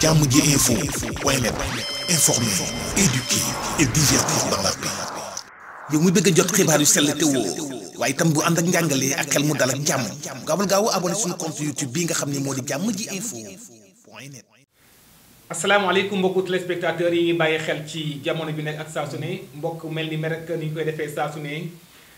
jàmm ji info point net informer, éduquer et divertir dans la yow mi bëgg jot xibaar yu sell te woo waaye itam bu ànd ak njàngalee ak xel mu dal ak jàmm gaawal gaaw abonné suñu compte YouTube bii nga xam ne moo di jàmm ji info point net. asalaamaaleykum mbokku téléspectateurs yi bàyyi xel ci jamono bi nekk ak saa su mbokk mel ni rek ni ñu koy defee saa su ne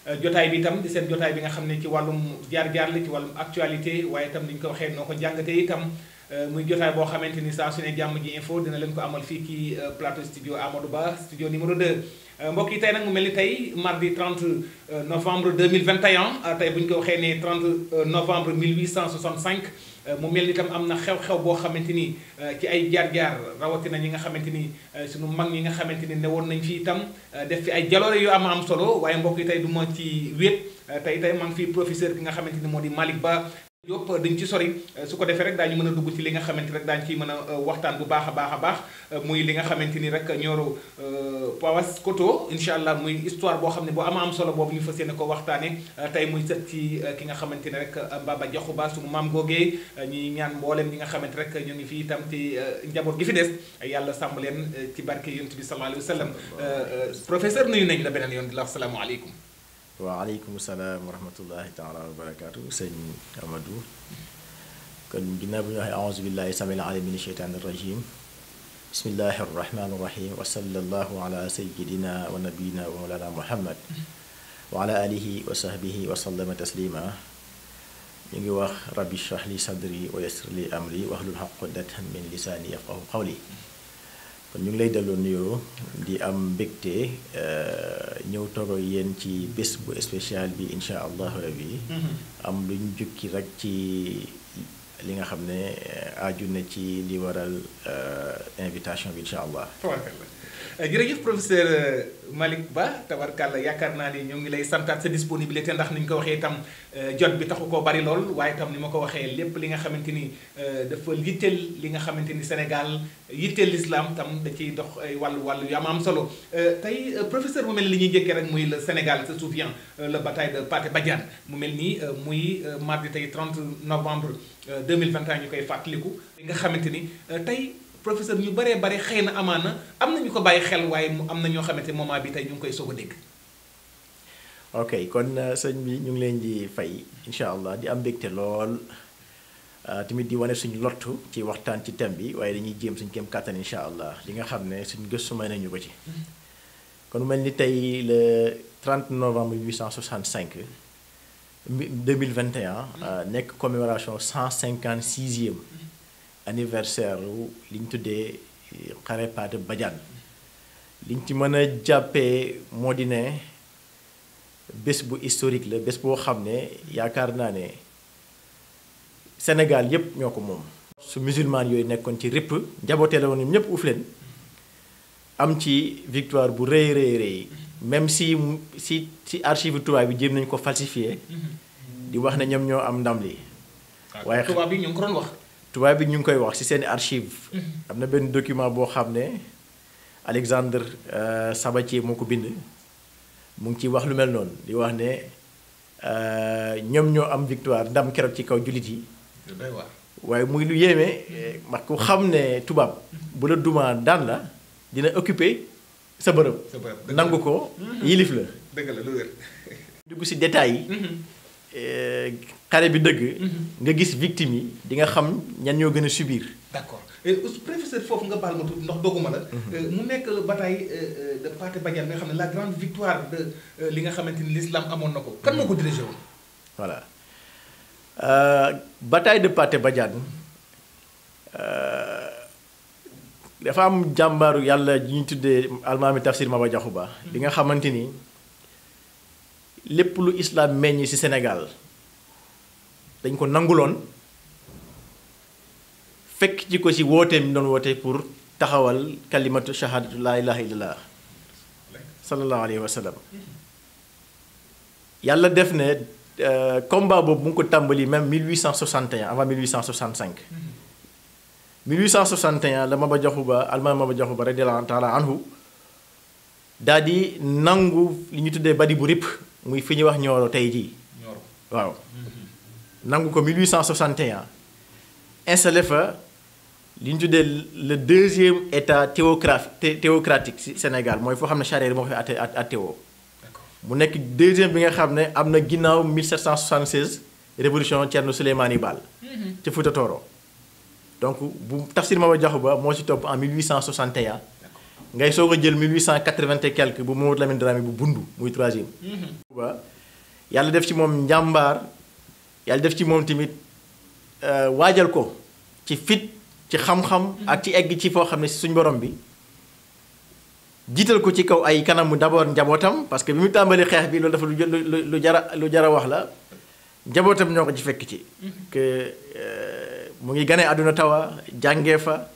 euh, jotaay bi itam di seen jotaay bi nga xam ne ci wàllum jaar-jaar la ci wàllum actualité waaye itam ni ko waxee noo ko jàngatee itam. Euh, muy jotaay boo xamante ni saa su ne jàmm ji info dina leen ko amal fii ci euh, plateau studio Amadou Ba studio numéro 2 euh, mbokk yi tey nag mu mel ni tey mardi 30 novembre 2021 tey bu ñu ko waxee ne 30 novembre 1865 mu mel ni tam am na xew-xew boo xamante ni ci ay jaar-jaar rawatina ñi nga xamante ni sunu mag ñi nga xamante ni woon nañ fi itam def fi ay jaloore yu am am solo waaye mbokk yi tey du ma ci wéet tey tey maa ngi fi professeur ki nga xamante ni moo di Malick Ba yëpp dañ ci sori su ko defee rek daañu mën a dugg ci li nga xamante rek daañu ciy mën a euh, waxtaan bu baax a baax a baax euh, muy li nga xamante ni rek Nioro euh, Paoskoto incha allah muy histoire boo xam ne bu ama solo boobu ñu fas yéene ko waxtaane tey muy sët ci ki nga xamante ne rek Mbaba Diakhou Ba suñu maam googee ñuy ñaan mboolem ñi nga xamante rek ñu ngi fi itam ci njaboot gi fi des yàlla sàmm leen ci barke yonent bi sallallahu alayhi wa sallam professeur nuyu nañ la beneen yoon di la wax salaamualeykum waaleykum salaam wa rahmatullahi taala wa barakaatu sëñ Amadou kon ginnaaw bu ñu waxee auzu billahi samil alim min sheytaani rajim bismillahi arrahmani irrahim wa sallallahu ala sayidina wa nabiyina wa mawlana muhammad wa ala alihi wa sahbihi wa sallama taslima ñu ngi wax rabbi shrah li sadri wa yassir li amri wahlul uqdatan min lisaani yafqahu qawli kon ñu ngi lay delloo nuyoo di am mbégte euh, ñëw togo yéen ci bés bu spécial bi incha allah rabi mm-hmm. am lu ñu jukki rek ci li nga xam ne euh, aju na ci li waral euh, invitation bi incha allah jërëjëf professeur Malick Ba tabarkàlla yaakaar naa ni ñoo ngi lay santaat sa disponibilité ndax ni ñu ko waxee tam euh, jot bi taxu koo bari lool waaye tam ni ma ko waxee lépp li nga xamante ni euh, dafa yitteel li nga xamante ni Sénégal yitteel lislaam tam da ciy dox ay wàllu wàllu yu am am solo euh, tey professeur mu mel li ñuy njëkkee rek muy le Sénégal se souvient la bataille de Pathé Badiane mu mel nii muy mardi tey 30 novembre 2021 ñu koy fàttaliku li nga xamante ni tey professeur ñu baree bari xëy na amaana am na ñu ko bàyyi xel waaye mu am na ñoo xamante moment bi tey ñu ngi koy soog a dégg. ok kon euh, sëñ bi ñu ngi leen di fay incha allah di am mbégte lool euh, tamit di wane suñu lottu ci waxtaan ci thème bi waaye dañuy jéem suñu kéem kàttan incha allah li nga xam ne suñ gëstu may nañu ko ci. kon mel ni tey le 30 novembre 1865. 2021. Euh, nekk commémoration 156e. anniversaire li ñu tuddee eh, xare Paate Badiane liñ ci mën a jàppee moo di bés bu historique la bés boo xam ne yaakaar naa ne senegal yépp ñoo ko moom su musulman yooyu nekkoon ci ripp njabootee la woon ñépp uuf am ci victoire bu rëy même si si si archive tubaab bi jéem nañu ko falsifié mm-hmm. di wax ne ñoom ñoo am ndam li waaye tubaab bi ñu ko doon wax tubaab bi ñu ngi koy wax ci seen archive mm-hmm. am na benn document boo xam ne Alexandre euh, Sabatier moo ko bind mu ngi ciy wax lu mel noonu di wax ne euh, ñoom ñoo am victoire ndam keroog ci kaw jullit yi waaye muy lu yéeme ma mm-hmm. ku xam ne tubaab mm-hmm. bu la duma daan la dina occuper sa bërëb nangu ko yilif la dugg ci détails yi euh, xare bi dëgg. Mhm. nga gis victime yi di nga xam ñan ñoo gën a subir. d'accord professeur foofu nga baal ma tuuti ndax dogguma la. Mhm. Euh, mu nekk bataille euh, de Pathé Badiane nga xam ne la euh, li nga xamante ni l'islam amoon na ko. kan moo ko dirigé woon. voilà euh, bataille de Pathé Badiane dafa am jàmbaaru yàlla ji ñu tuddee almaami tafsir Maba Diakhou Ba. li nga xamante ni lépp lu islam meññ ci senegal dañ ko nanguloon fekk ci ko ci wooteem doon woote pour taxawal kalimatu shahadatu laa ilaha illallah sallallahu alayhi wa yàlla def ne euh, combat boobu mu ngi ko tàmbali même 1861 avant 1865 1861 la Maba Diakhou Ba almaam Maba Diakhou Ba radiyallahu taala anhu daal di nangu li ñu tuddee badi bu rip muy fi ñuy wax ñooro tey jii waaw mm-hmm. nangu ko 1861 installé fa li ñu tuddee le deuxième état théocratique théocratique ci Sénégal mooy foo xam ne charia moo fi atte attewoo mu nekk deuxième bi nga xam ne am na ginnaaw 1776 révolution Thierno Souleymane Baal mm-hmm. ci Fouta Tooro donc bu Tafsir Maba Diakhou Ba moo ci topp en 1861 ngay soog a jël 1880 et quelque bu Mamadou Lamine Dramé bu bundu muy troisième. Mm-hmm. ba yàlla def ci moom njàmbaar. yàlla def ci moom tamit euh, waajal ko ci fit ci xam-xam ak ci egg ci foo xam ne si suñ borom bi jiital ko ci kaw ay kanamu d'abord njabootam parce que bi mu tàmbali xeex bi loolu dafa lu lu lu jara lu jara wax la njabootam ñoo ko ci fekk ci. Mm-hmm. Euh, mu ngi ganee àdduna tawa jàngee fa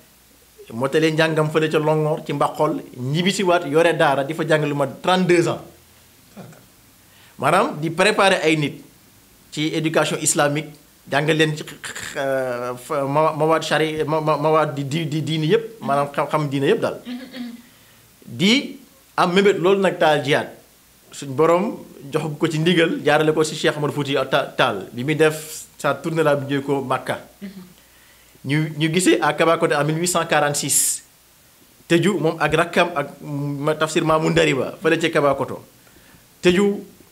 motalee njàngam fële ca Longhor ci Mbakol ñibbisiwaat yore daara di fa jàng lu ma 32 ans maanaam di préparer ay nit. ci éducation islamique jàngal leen ci euh, mawaad shari mawaad di di diini yëpp maanaam xam-xam diine yëpp daal di am mébét loolu nag taal jihaad suñ borom jox ko ci ndigal jaarale ko si Cheikh Omar Fouti Taal bi muy def sa tournée la bu ko Makka ñu ñu gisee à Kabakode en 1846 tëju moom ak rakkam ak ma tafsir Maamu Ndari ba fële ca Kabakoto tëju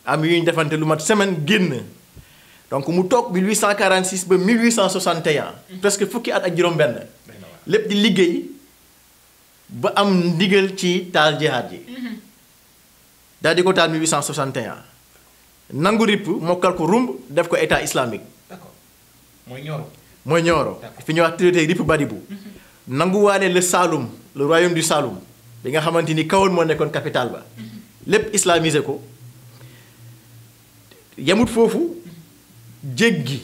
am yu defante lu mat semaine génn. donc mu toog 1846 ba 1861. presque fukki at ak juróom-benn. lépp di liggéey ba am ndigal ci taal jihaad yi. daal di ko taal 1861. nangu ripp mokkal ko rumb def ko état islamique. mooy Nioro. mooy Nioro fi ñuy wax traité ripp Badibou. nanguwaale le Saloum le royaume du Saloum. bi nga xamante ni kawoon moo nekkoon capitale ba. Mhm. lépp islamisé ko yemut foofu. jéggi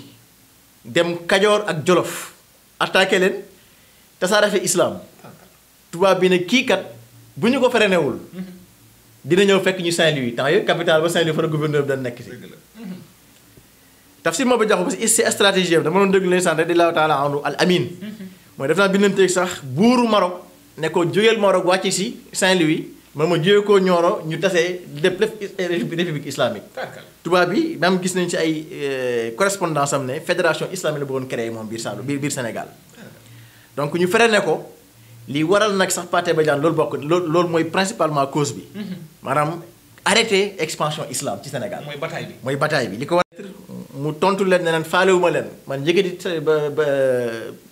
dem kajoor ak jolof attaqué leen tasaare fi islam tubaab bi ne kii kat bu ñu ko fere newul dina ñëw fekk ñu Saint-Louis temps yooyu capital ba Saint-Louis fa la gouverneur bi daan nekk si. tafsir ma ba jaxu ba si stratégie bi dama doon déglu leen sant rek di laaw taala amin mhm. mooy def naa bindanteeg sax buuru Maroc ne ko jógeel Maroc wàcc si Saint-Louis. man ma jiyee ko ñooro ñu tasee def république islamique. tubaab bi daam gis nañ ci ay euh, correspondance am ne fédération islamique la bëggoon créé moom biir Saalum biir biir Sénégal. donc ñu fere ne ko li waral nag sax Pathé Badiane loolu bokk loolu mooy principalement cause bi. Mhm. maanaam arrêté expansion islam ci Sénégal. mooy bataille bi mooy bataille bi li ko war mu tontu leen ne leen faalewuma leen man yëkkati ba ba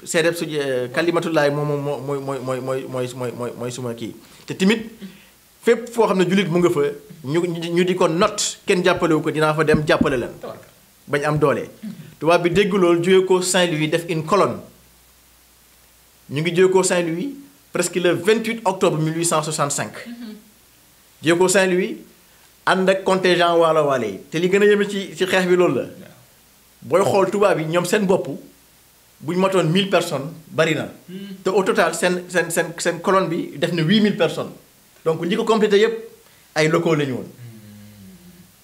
seedeb su euh, kalimatullaay moom moom mooy mooy mooy mooy mooy mooy mooy suma kii te fépp foo xam ne jullit mu nga fa ñu ñu di ko not kenn jàppalewu ko dinaa fa dem jàppale la bañ am doole. tubaab bi dégg lool jóge ko Saint-Louis def une colonne ñu ngi jóge ko Saint-Louis presque le 28 octobre 1865 jóge ko Saint-Louis ànd ak contingent waalo waale yi te li gën a yeme ci ci xeex bi loolu la booy xool tubaab yi ñoom seen bopp bu matoon mille personnes bari na hmm. te au total seen seen seen seen colonne bi def na mille personnes. donc ñi ko complété yëpp ay locaux la ñu woon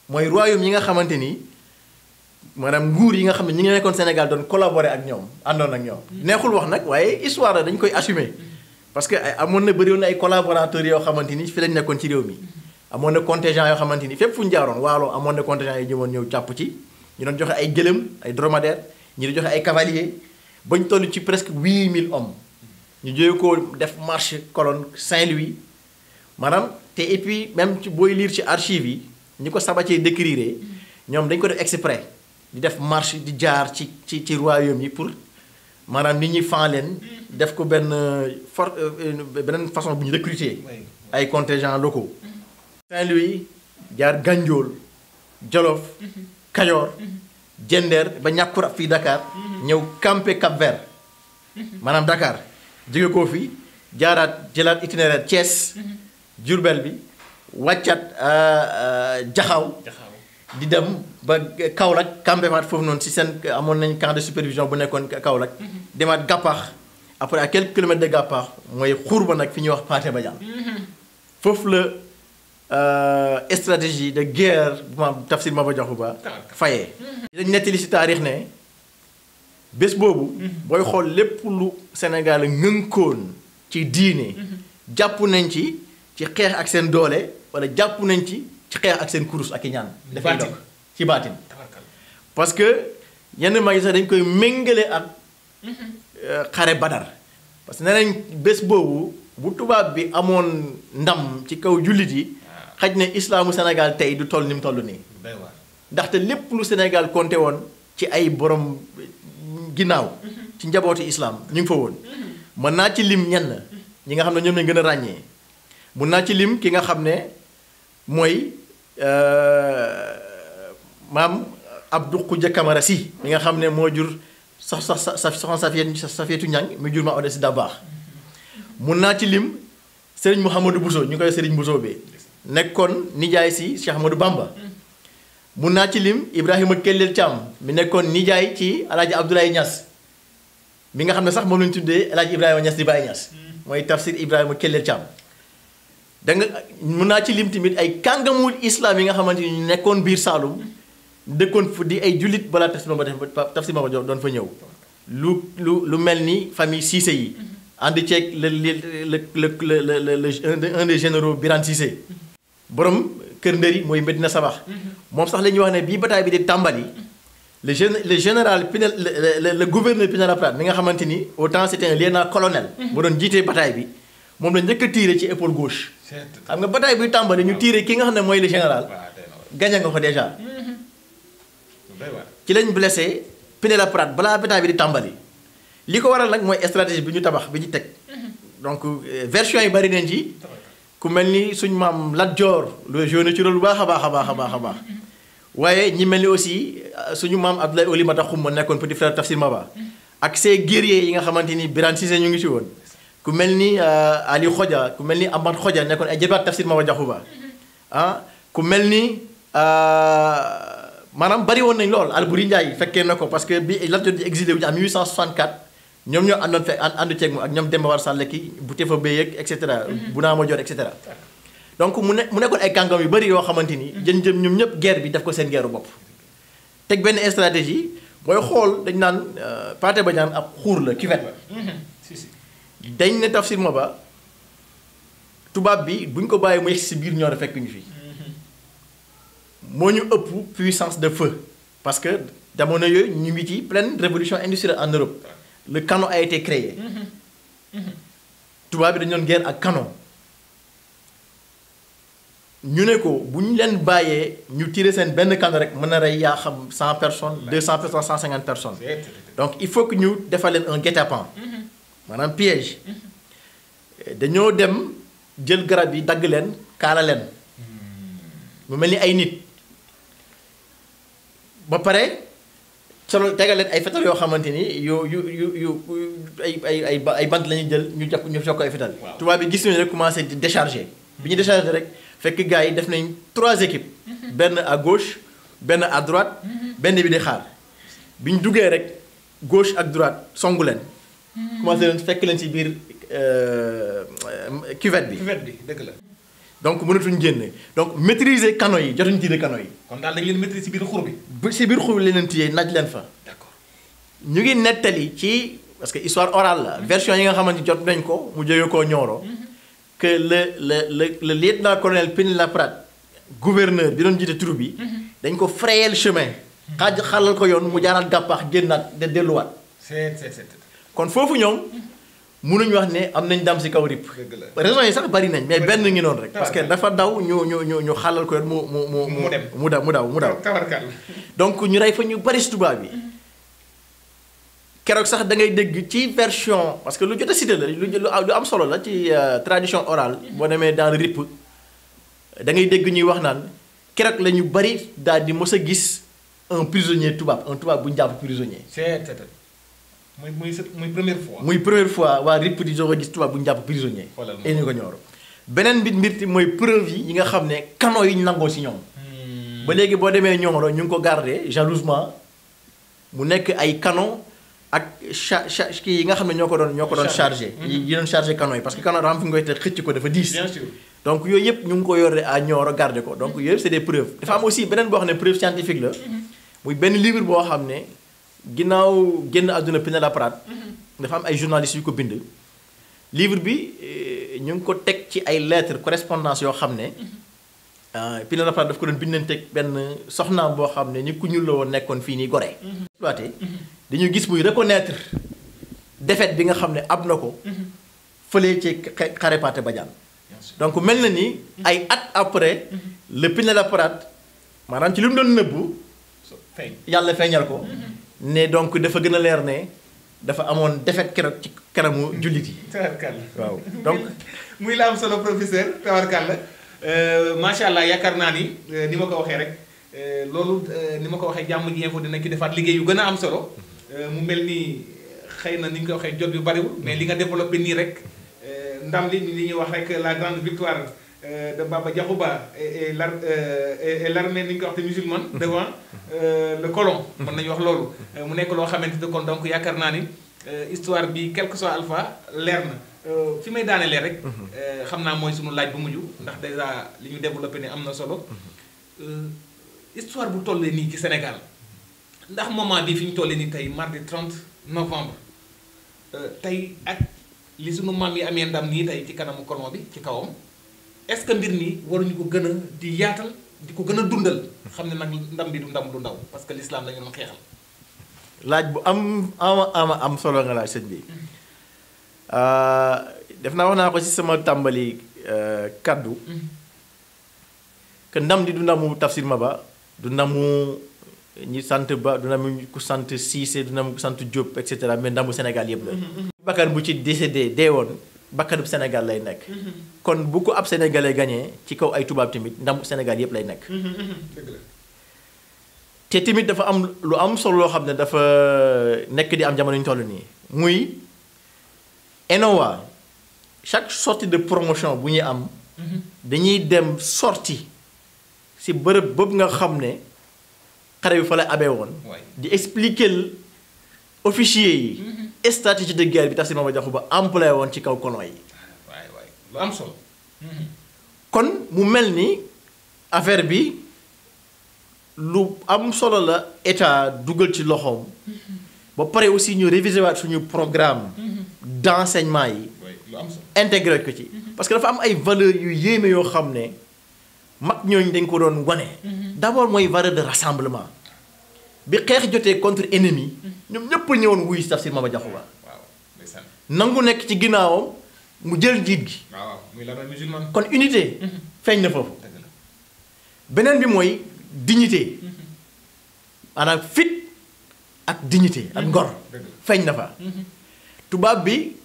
mooy royaume yi nga xamante ni maanaam nguur yi nga xam ne ñi ngi nekkoon Sénégal doon collaborer ak ñoom àndoon ak ñoom. neexul wax nag waaye histoire dañ koy assumer parce que ay amoon na bëri woon na ay collaborateurs yoo xamante ni fi lañ nekkoon ci réew mi. amoon na contingent yoo xamante ni fépp fu ñu jaaroon waalo amoon na contingent yi ñëwoon ñëw jàpp ci ñu doon joxe ay gëlëm ay dromadaire ñu di joxe ay cavalier bañ toll ci presque 8000 hommes ñu jógee ko def marche colonne Saint-Louis. maanaam te et même ci booy lire ci archives yi ñi ko Sabatier décrire ñoom dañ ko def exprès di def marche di jaar ci ci ci royaume yi pour maanaam nit ñi fen leen def ko benn for euh, beneen façon bu ñu recruter ay contingents locaux. Saint-Louis jaar Ganjool Jolof mhm. Kajoor Jender mhm. ba ñàkkur fii Dakar mhm. ñëw campé Cap Vert maanaam Dakar jóge ko fi jaaraat jëlaat itinéraire Thiès. Jurbel bi wàccaat euh, euh, Jaxaw di dem ba Kaolack campemaat foofu noonu si seen amoon nañ camp de supervision bu nekkoon Kaolack mhm. demaat Gàppaax après à quelques kilomètres de Gàppaax mooy xuur ba nag fi ñuy wax Paate Badiane mhm. foofu la euh, stratégie de guerre bu ma Tafsir Maba Jaxu Ba fayee mhm. dañ nettali si taarix ne bés boobu booy xool lépp lu Sénégal ngënkoon ci diine jàpp nañ ci ci xeex ak seen doole wala jàpp nañ ci ci xeex ak seen kurus ak i ñaan. dafay dox ci baatin parce que yenn mag sax dañ koy méngale ak mhm. euh, xare badar parce que nañ bés boobu bu tubaab bi amoon ndam ci kaw jullit yi. xaj ne islaamu Sénégal tey du toll ni mu toll nii. ndaxte lépp lu Sénégal compté woon ci ay borom euh, ginnaaw. Mhm. ci njabootu islaam ñu ngi fa woon. Mhm. mën naa ci lim ñenn ñi nga xam ne ñoom lañ gën a ràññee. mun naa ci lim ki nga xam ne mooy euh, maam Abdou Khoudia Camara si mi nga xam ne moo jur sax sax sax soxna Safiyet Safiyatu Ñang mi jur ma Odès Dabaax mun naa ci lim sëriñ mu Mouhamadou Bousso ñu koy Serigne Bousso bi nekkoon nijaay si Cheikh Ahmadou Bamba. mun naa ci lim Ibrahima Kellel Thiam mi nekkoon nijaay ci El Hadj Abdoulaye mi nga xam ne sax moom la tuddee El Hadj Ibrahima Niass di Baye Niass mm. mooy tafsir Ibrahima Kellel Thiam. da nga mën naa ci lim tamit ay kàngamu islam yi nga xamante ni ñu nekkoon biir Saalum dëkkoon fu di ay jullit balaa tafsir ma ba si ma ba doon fa ñëw lu lu lu mel ni famille Cissé yi mm-hmm. ànd ceeg le le le le le le un des généraux Birane Cissé mm-hmm. borom kër ndëri mooy Medina Sabax mm-hmm. moom sax la ñuy wax ne bii bataay bi di tàmbali le gén le général Pinel le gouverneur Pinet-Laprade mi nga xamante ni au temps c'était un lieutenant colonel. doon jiitee bataay bi. moom la njëkk tiire ci épole gauche. xam nga bataille buy tàmbali ñu tiire ki nga xam ne mooy le général. gañe nga ko déjà. Mm-hmm. ci lañ blessé Pinet-la Prade balaa bataille bi di tàmbali. li ko waral nag mooy stratégie bi ñu tabax bi ñu teg. Mm-hmm. donc euh, version yi bari nañ ci. ku mel ni suñ maam Lat Joor lu joué ci rôle bu baax a baax a baax a baax a baax. Mm-hmm. waaye ñi mel ni aussi euh, suñu maam Abdoulaye Oly Mata Xuma nekkoon petit frère Tafsir Maba. ak ses guerriers yi nga xamante ni Birane Cissé ñu ngi ci woon. ku mel ni euh, Ali Xoja ku mel ni Amad Xoja nekkoon ay jëbaat tafsir Maba Jaxu Ba ah ku mel ni euh, maanaam bari woon nañ lool Alburi Njaay fekkee na ko parce que bi Lat Joor di exilé wu ñu am 1864 ñoom ñoo àndoon fekk àndu ceeg mu ak ñoom Demba War Sàll ki bu tefa béyeeg et cetera mhm. bu naa ma jot et cetera donc mu ne mu nekkoon ay kàngam yu bëri yoo xamante ni mhm. jën jëm ñoom ñëpp geer bi daf ko seen guerre bopp teg benn stratégie mooy xool dañ naan euh, Pathé Badiane ab xuur la ki fet dañ ne Tafsir ba tubaab bi buñ ko bàyyi mu yegg si biir ñooro fekk ñu fi mhm. moo ñu ëpp puissance de feu parce que jamono yooyu ñu ngi ci pleine révolution industrielle en Europe le canon ay été créé mhm. Mhm. tubaab bi dañu doon guerre ak canon ñu ne ko bu ñu leen bàyyee ñu tiré seen benn canon rek mën na rey yaa xam cent personnes deux cent personnes cent cinquante personnes donc il faut que ñu defal leen un guet-apens maanaam piège dañoo dem jël garab yi dagg leen kaala leen mu mel ni ay nit ba pare solo tegal leen ay fetal yoo xamante ni yu yu yu yu ay ay ay ay bant la ñuy jël ñu jàpp ñu jox ko ay fetal. tubaab bi gis nañu rek commencé di décharger. bi ñu décharger rek fekk gars yi def nañ trois équipes. Mhm. benn à gauche benn à droite. Mhm. benn bi di xaar bi ñu duggee rek gauche ak droite songu leen. Hmm. commencé leen fekk leen ci biir euh, cuvette bi. cuvette bi dëgg la. donc mënatuñ génne donc maîtriser canaux yi jotuñ tiire canaux yi. kon daal dañ leen maîtriser ci biir xur bi. bu ci biir xur bi leen tiyee naaj leen fa. d'accord ñu ngi nettali ci parce que histoire orale la. Hmm. version yi nga xamante ni jot nañ ko mu jóge koo Nioro. Hmm. que le le le le lieutenant-colonel Pinet-Laprade gouverneur bi doon jiite troupe bi. dañ ko frayel chemin. xaaj xalal ko yoon mu jaaraat gàppaax génnaat de delluwaat. kon foofu ñoom mënuñ wax ne am nañ dam si kaw rip raison yi sax bari nañ mais benn ngi noonu rek parce que ah, dafa daw ñu ñu ñu ñu xalal ko yoon mu mu mu mu mu daw mu daw mu daw donc ñu rey fa ñu bari si tubaab yi keroog sax dangay dégg ci version parce que lu jot a cité la lu lu am solo la ci euh, tradition orale boo demee dans rip da ngay dégg ñuy wax naan keroog la ñu bari daal di mës a gis un prisonnier tubaab un tubaab bu ñu jàpp prisonnier muy muy muy première fois. muy première fois waa RIP di soog a gis tubaab bu ñu jàpp prisonnier. xoolal moom mooy preuve yi yi nga xam ne canaux yi ñu nangoo si ñoom. Hmm. ba léegi boo demee ñooro ñu ngi ko gardé jalousement mu nekk ay canaux ak cha cha kii yi nga xam ne ñoo ko doon ñoo ko doon chargé. Hmm. yi doon chargé canaux yi parce que canaux dafa fi nga koy xëcc ko dafa diis. bien sûr donc yooyu yëpp ñu ngi ko yore à ñooro gardé ko donc yooyu yëpp c' est des dafa am aussi beneen boo xam ne preuve scientifique la. Hmm. muy benn livre boo xam ne. ginnaaw génn àdduna Pinel Prade mhm. dafa am ay journalistes yu ko bind. livre bi eh, ñu ngi ko teg ci ay lettres correspondance yoo xam ne. Pinel mhm. ah, Prade daf ko doon bindanteeg benn soxnaam boo xam ne ñu ku ñuul la woon nekkoon fii nii Gorée. Mhm. exploité dañuy gis muy reconnaître défaite bi nga xam ne am na ko. fëlee ci xare Pathé donc mel na ni ay at après. le Pinel Prade maanaam ci li mu doon nëbbu. yàlla feeñal ko. ne donc dafa gën a leer ne dafa amoon defet keroog ci kanamu jullit yi. tawarkalla waaw donc. muy la am solo professeur tawarkalla euh, macha allah yaakaar naa ni euh, ni ma ko waxee rek euh, loolu ni ma ko waxee jàmm ji info dina ki defaat liggéey yu gën a am solo mu mel nii xëy na ni ñu ko waxee jot yu bariwul mais li nga développé nii rek ndam li ni ñuy wax rek la grande victoire. Euh, de Baba Diakhouba et l' et l' euh, armée ni ñu ko wax te devant le colon. mën nañu wax loolu. Euh, mu nekk loo xamante ne kon donc yaakaar naa ni histoire bi quel que soit alpha leer na fi may daanelee rek. Mhm. xam naa mooy sunu laaj bu mujj ndax dèjà li ñu développé ne am na solo. Mhm. histoire bu tollee nii ci Sénégal ndax moment bi fi ñu tollee nii tey mardi 30 novembre tey ak li sunu maam yi amee ndam nii tey ci kanamu colon bi ci kawam. est-ce que mbir mi ñu ko gën a di yaatal di ko gën a dundal xam ne nag ndam bi du ndam du ndaw parce que l'islam dañu doon xeexal. laaj bu am ama am solo nga laaj sëñ bi euh, def naa wax naa ko ci sama tàmbali euh, kaddu que ndam di du ndamu Tafsir Maba du ndamu ñi sant Ba du ndamu ku sant Cissé du ndamu ku sant Diop et cetera mais ndamu Sénégal yëpp la. Mm-hmm. bakkan bu ci décédé dee woon. bakkanub senegal lay nekk. Mhm. kon bu ko ab sénégalais gagné ci kaw ay tubaab tamit ndamu senegal yëpp lay nekk. Mhm, mhm, te tamit dafa am lu am solo loo xam ne dafa nekk di am jamono ñu toll nii muy ENOA chaque sortie de promotion bu ñuy am. dañuy dem sortie si bërëb boobu nga xam ne xare bi fa la abee woon. di expliquer officier yi. stratégie de guerre bi Tafsir Mama Diakhouba employé woon ci kaw colon yi. waay waay mhm. kon mu mel ni affaire bi lu am solo la état dugal ci loxoom. Mhm. ba pare aussi ñu réviser waat suñu programme. Mhm. d' enseignement yi. intégré ko ci. parce que dafa am ay valeurs yu yéeme yoo xam ne mag ñooñu dañ ko doon wane. d' abord mooy valeur de rassemblement. bi xeex jotee contre ennemi mm. ñoom ñëpp ñëwoon wuy si ma Maba Diakhou Ba nangu nekk ci ginnaawam mu jël njiit gi. waaw kon unité. Mm-hmm. feeñ na foofu. beneen bi mooy dignité mm-hmm. maanaam fit ak dignité ak mm-hmm. ngor. feeñ na fa. tubaab bi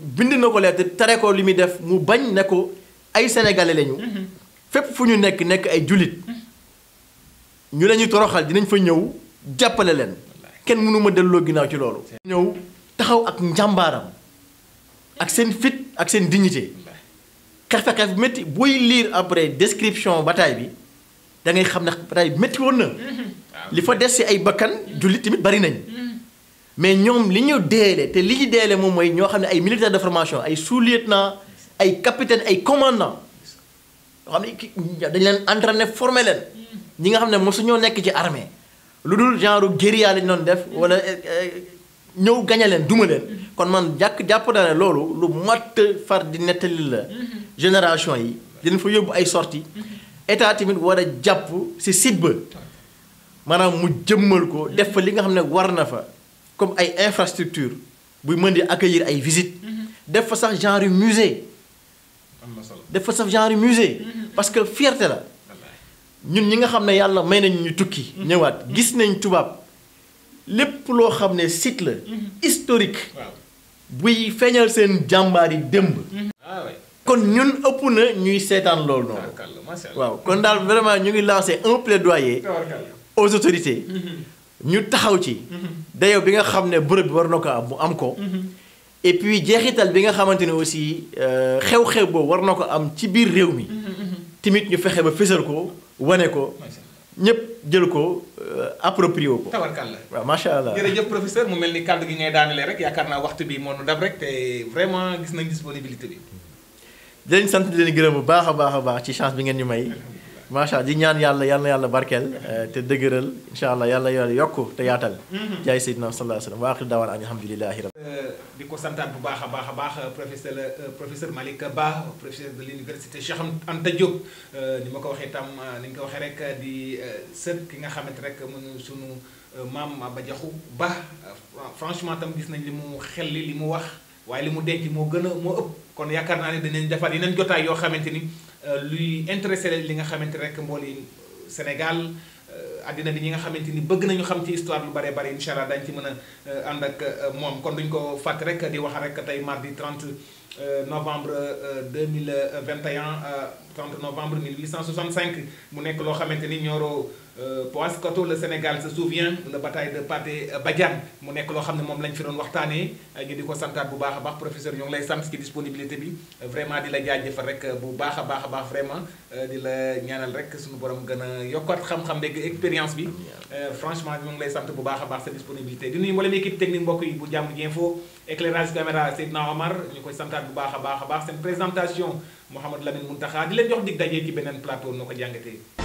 bind na ko lettre tere ko li muy def mu bañ ne ko ay sénégalais lañu. fépp fu ñu nekk nekk ay jullit. ñu lañuy toroxal dinañ fa ñëw jàppale leen kenn mënu ma delloo ginnaaw ci loolu. ñëw taxaw ak njàmbaaram ak seen fit ak seen dignité xeex fa xeex bu métti booy lire après description bataille bi da ngay xam ne bataille bi métti woon na. Mm-hmm. li fa des si ay bakkan jullit tamit bari nañ. Mm-hmm. mais ñoom li ñu deele te li ñu deele moom mooy ñoo xam ne ay militaire de formation ay sous-lieutenant ay capitaine ay commandant yoo xam ne dañ leen entraîné formé leen. ñi nga xam ne mosuñoo nekk ci armee lu dul genre guérilla lañ doon def wala eh, eh, ñëw gañe leen duma leen kon man jàkk jàpp naa ne loolu lu mat far di nettali la mhm. génération yi dañ fa yóbbu ay sorti mhm. état tamit war a jàpp si site ba maanaam mu jëmmal ko def fa li nga xam ne war na fa comme ay infrastructure buy mën di accueillir ay visites mhm. def fa sax genre musée def fa sax genre musée parce que fierté la ñun ñi nga xam ne yàlla may nañ ñu tukki. Mhm. ñëwaat mhm. gis nañ tubaab lépp loo xam ne site la. Mhm. historique. buy feeñal seen jàmbaar yi démb. Ah kon ñun ëpp na ñuy seetaan loolu noonu. waaw kon daal vraiment ñu ngi lancé un plaidoyer. aux autorité ñu taxaw ci. dayo bi nga xam ne bërëb bi war na ko am mu am ko. et puis jeexital bi nga xamante ne aussi euh, xew-xew boobu war na ko am ci biir réew mi. tamit ñu fexe ba fésal ko. wane ko ñëpp jël ko euh, approprié ko. tabarkal la waaw macha allah. jërëjëf professeur mu mel ni kàddu gi ngay daanelee rek yaakaar naa waxtu bi moo nu dab rek te vraiment gis nañ disponibilité bi. di leen sant leen gërëm bu baax a baax a baax ci chance bi ngeen ñu may. macha allah di ñaan yàlla yal na yàlla barkeel eh, te dëgëral incha allah yàlla yàlla yokku te yaatal. Mm-hmm. jaay Seydina sallallahu alayhi wa sallam wa aaxiru daawaan alhamdulillahi rabbi euh, di ko santaat bu baax a baax a baax euh, professeur euh, professeur Malick Ba professeur de l'université Cheikh Anta Diop ni ma ko waxee tam ni nga ko waxee rek di sët ki nga xamante rek mënu sunu maam Ba Diakhou Ba franchement tam gis nañ li mu xel li mu wax waaye li mu denc moo gën a moo ëpp kon yaakaar naa ne danañ defar yeneen jotaay yoo xamante ni. Euh, luy intéressé li nga xamante rek mbool yi Sénégal addina euh, bi ñi nga xamante ni bëgg nañu xam ci histoire lu bare bare incha allah dañ ci mën a euh, ànd ak moom kon duñ ko fàtt rek di wax rek tey mardi 30 novembre mille 2021 30 novembre 1865 mu nekk loo xamante ni Nioro Euh, Paoskoto le Sénégal se souvient la bataille de Pathé euh, Badiane mu nekk loo xam ne moom lañ fi doon waxtaanee euh, ñu di ko santaat bu baax a baax professeur ñoo ngi sant ci bi vraiment di la jaajëfal rek bu baax a baax a baax vraiment di la ñaanal rek suñu borom gën a yokkaat xam-xam beeg expérience bi franchement ñoo ngi lay sant bu baax a baax sa disponibilité di nuyu mboolem équipe technique mbokk yi bu jàmm info éclairage caméra Seydina Omar ñu koy santaat bu baax a baax a baax seen présentation Mouhamadou Lamine Mountakha di leen jox dig dajee ci beneen plateau noo ko jàngatee.